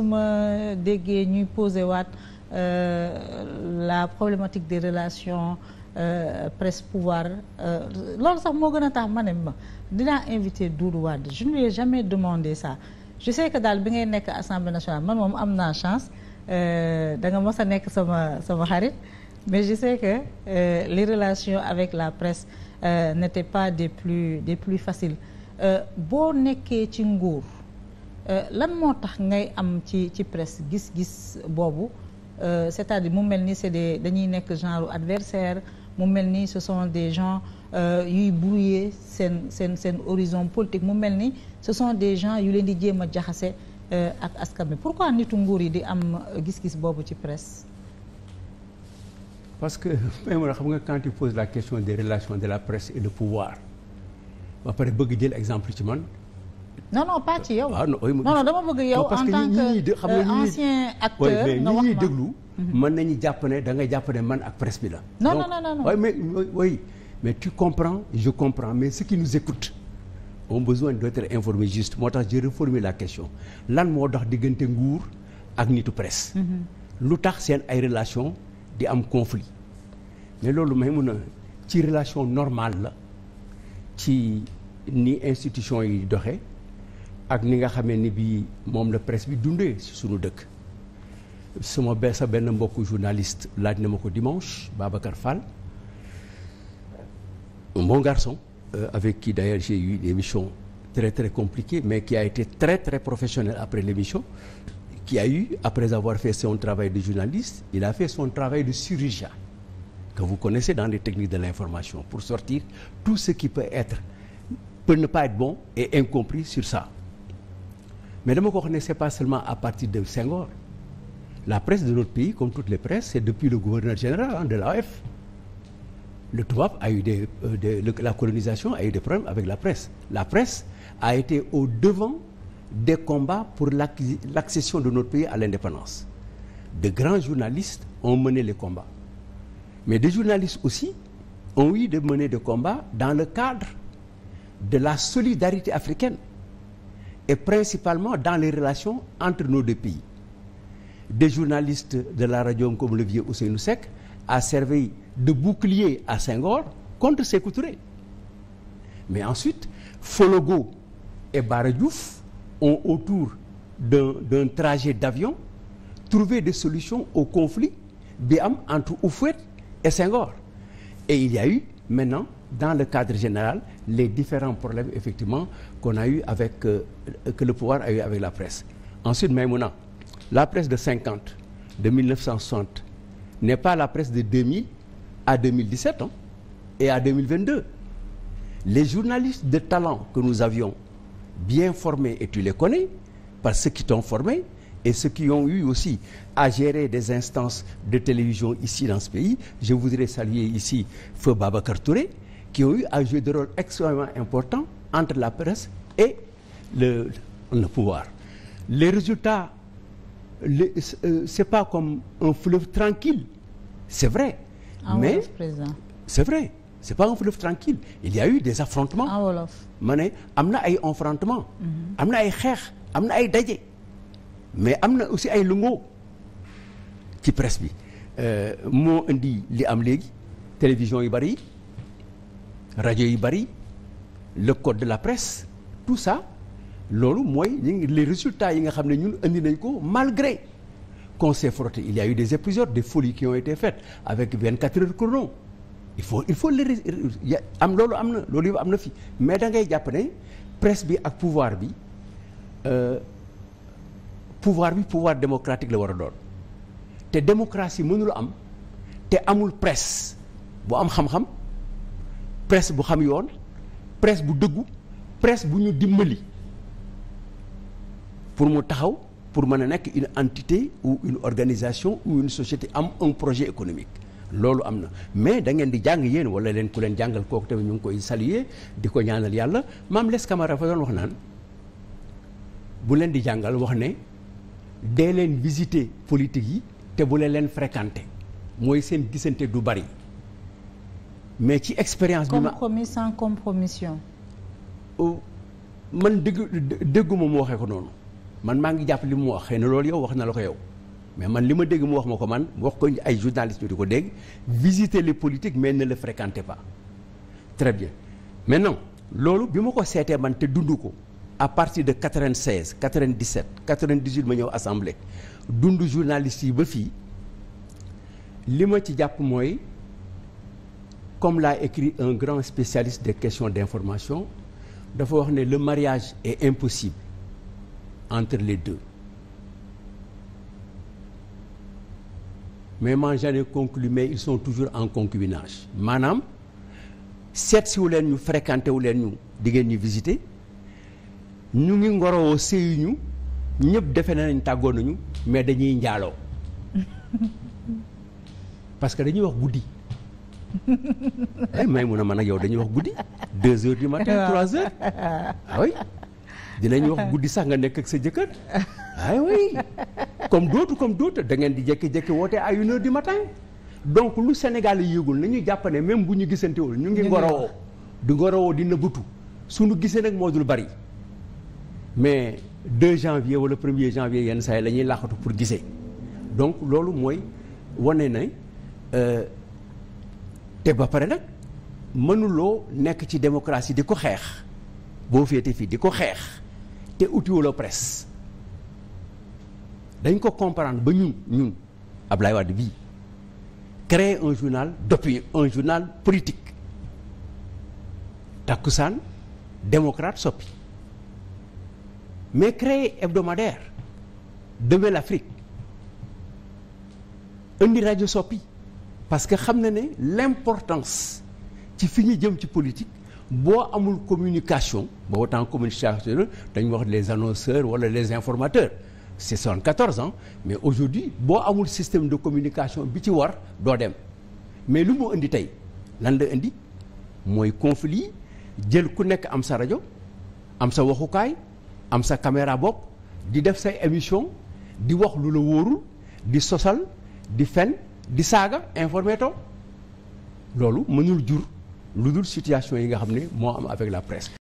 su ma déggee ñuy posé waat euh, la problématique des relations Euh, presse pouvoir euh, loolu sax moo gën a tax ma ne ma dinaa invité Doudou Wade je ne lui ai jamais demandé ça je sais que daal bi ngay nekk assemblée nationale man moom am naa chance euh, da nga mos a nekk sama sama xarit mais je sais que euh, les relations avec la presse euh, n'étaient pas des plus des plus faciles boo nekkee ci nguur Euh, lan moo tax ngay am ci ci presse gis-gis boobu euh, c'est-à-dire mu mel ni c'est des dañuy nekk genre adversaire mu mel ni ce sont des gens euh, yuy brouiller seen seen seen horizon politique mu mel ni ce sont des gens yu leen di jéem a jaxase ak askan bi pourquoi nitu nguur yi di am gis-gis boobu ci presse parce que même xam nga quand tu poses la question des relations de la presse et de pouvoir ba pare bëgg jël exemple ci man non non pas ci yow. Ah, non non dama bëgg yow. en tant que euh, ancien acteur nga wax ma mais ñi ñuy déglu. Mhm. mën nañu jàpp ne da ngay jàpp ne man ak presse bi la. non non non non mais oui mais tu comprends je comprends mais ceux qui nous écoutent ont besoin d'être informés juste moo tax je reformule la question lan moo tax diggante nguur ak nitu presse. Mhm. lu tax seen ay relation di am conflit mais loolu may mun a ci relation normale la ci ni institution yi doxee. ak ni nga xamee ni bii moom la presse bi dundee si suñu dëkk suma be sa benn mbokku journaliste laaj na ma ko dimanche Babacar Fall un bon garçon euh, avec qui d'ailleurs j'ai eu une émission très très compliquée mais qui a été très très professionnel après l'émission qui a eu après avoir fait son travail de journaliste il a fait son travail de chirurgien que vous connaissez dans les techniques de l'information pour sortir tout ce qui peut être peut ne pas incompris sur ça mais dama ko wax ne c'est pas seulement à partir de Senghor la presse de notre pays comme toutes les presses c'est depuis le gouverneur général hein, de l'AOF le tubaab a eu des, euh, la colonisation a eu des problèmes avec la presse la presse a été au devant des combats pour l'accession de notre pays à l'indépendance de grands journalistes ont mené les combats mais de journalistes aussi ont eu de mener des combats dans le cadre de la solidarité africaine et principalement dans les relations entre nos deux pays. Des journalistes de la radio comme le vieux Ousseynou Seck a servi de bouclier à Senghor contre Sékou Touré. Mais ensuite, Fologo et Bara Diouf ont autour d'un trajet d'avion trouvé des solutions au conflit bi am entre Houphouët et Senghor. Et il y a eu dans le cadre général les différents problèmes effectivement qu'on a avec euh, que le pouvoir a eu avec la presse ensuite Maïmouna la presse de 50 de 1960 n'est pas la presse de 2000 à 2017 hein, et à 2022 les journalistes de talent que nous bien formés et tu les connais par formé et ceux qui aussi à gérer des instances de télévision ici dans je voudrais saluer ici Feu qui ont eu à jouer des rôles extrêmement importants entre la presse et le, pouvoir. Les résultats, euh, c'est pas comme un fleuve tranquille, c'est vrai. Ah, mais c'est vrai, c'est pas un fleuve tranquille. Il y a eu des affrontements. Ah, Wolof. ma ne am na ay affrontements. Mhm. am na ay xeex am na ay daje. mais am na aussi ay lungoo ci presse bi euh, moo indi li am léegi télévision yu bari rajo yi bari le code de la presse tout ça loolu mooy les résultats yi nga xam ne ñun indi nañ ko malgré qu'on s'est il y a eu des épisodes des folies qui ont été faites avec 24 heures chrono il faut il faut les am loolu am na loolu yëpp am na fi mais da ngay jàpp ne presse bi ak pouvoir bi euh, pouvoir bi pouvoir démocratique la war a doon te démocratie mënul am te amul presse bu am xam-xam. presse bu xam yoon presse bu dëggu presse bu ñu dimbali pour mu taxaw pour mën a nekk une entité ou une organisation ou une société am un projet économique loolu am na mais da ngeen di jàng yéen wala leen ku leen jàngal kooku tamit ñu ngi koy saluer di ko ñaanal yàlla maam les Camara fa doon wax naan bu leen di jàngal wax ne dee leen visiter politique yi te bu leen leen fréquenter mooy seen gisante du bari mais ci expérience bi ma compromis sans compromission. Euh, man dégg dégguma mu waxee ko noonu man maa ngi jàpp li mu wax xëy na loolu yow wax na la ko yow mais man li ma dégg mu wax ma ko man wax ko ay journalistes ñu di ko dégg visiter les politiques mais na la fréquentez pas très bien maintenant loolu bi ma ko seetee man te dund ko à partir de 96 97 98 ma ñëw assemblée dund journalistes yi ba fii li ma ci jàpp mooy. comme l'a écrit un grand spécialiste de questions d'information dafa wax ne le mariage est impossible entre les deux mais man j'en ai conclu mais ils sont toujours en concubinage maanaam seet siwu leen ñu fréquenté wu leen ñu di ngeen ñu visiter ñu ngi ngorowoo séyuñu ñëpp defe na nañ tàggoon nañu mais dañuy njaaloo parce que dañuy wax guddi ay eh, may mun a man ak yow dañuy wax guddi deux heures du matin trois heures ah oui dinañ wax guddi sax nga nekk ak sa jëkkër ah oui comme dootu comme d'autres da ngeen di jékki-jékki woote à une heure du matin donc lu Sénégal yi yëgul nañu jàpp ne même bu ñu gisantewul ñu ngi ngorowoo di ngorowoo di nëbbatu suñu gisee nag moo dul bari mais 2 janvier wala premier er janvier yenn saa yi la ñuy laaxatu pour gisee donc loolu mooy wone na te ba pare nag mënuloo nekk ci yi di ko xeex boo féete fii di ko xeex te utiwuloo presse dañ ko comprendre ba ñun ñun Ablaye Wade bii créer un journal d'opinion un journal politique Takussan démocrate soppi mais créer hebdomadaire Demain l'Afrique indi rajo soppi parce que xam na ne l'importance ci fi ñu jëm ci politique boo amul communication boo autant communication dañu wax les annonceurs wala les informateurs c'est soixante-quatorze ans mais aujourd'hui boo amul système de communication bi ci war doo dem mais lu mu indi tey lan la indi mooy conflit jël ku nekk am sa rajo am sa waxukaay am sa caméra bopp di def say émission di wax lu la wóorul di sosal di fen di saaga informé loolu mënul jur lu dul situation yi nga xam ne moo am avec la presque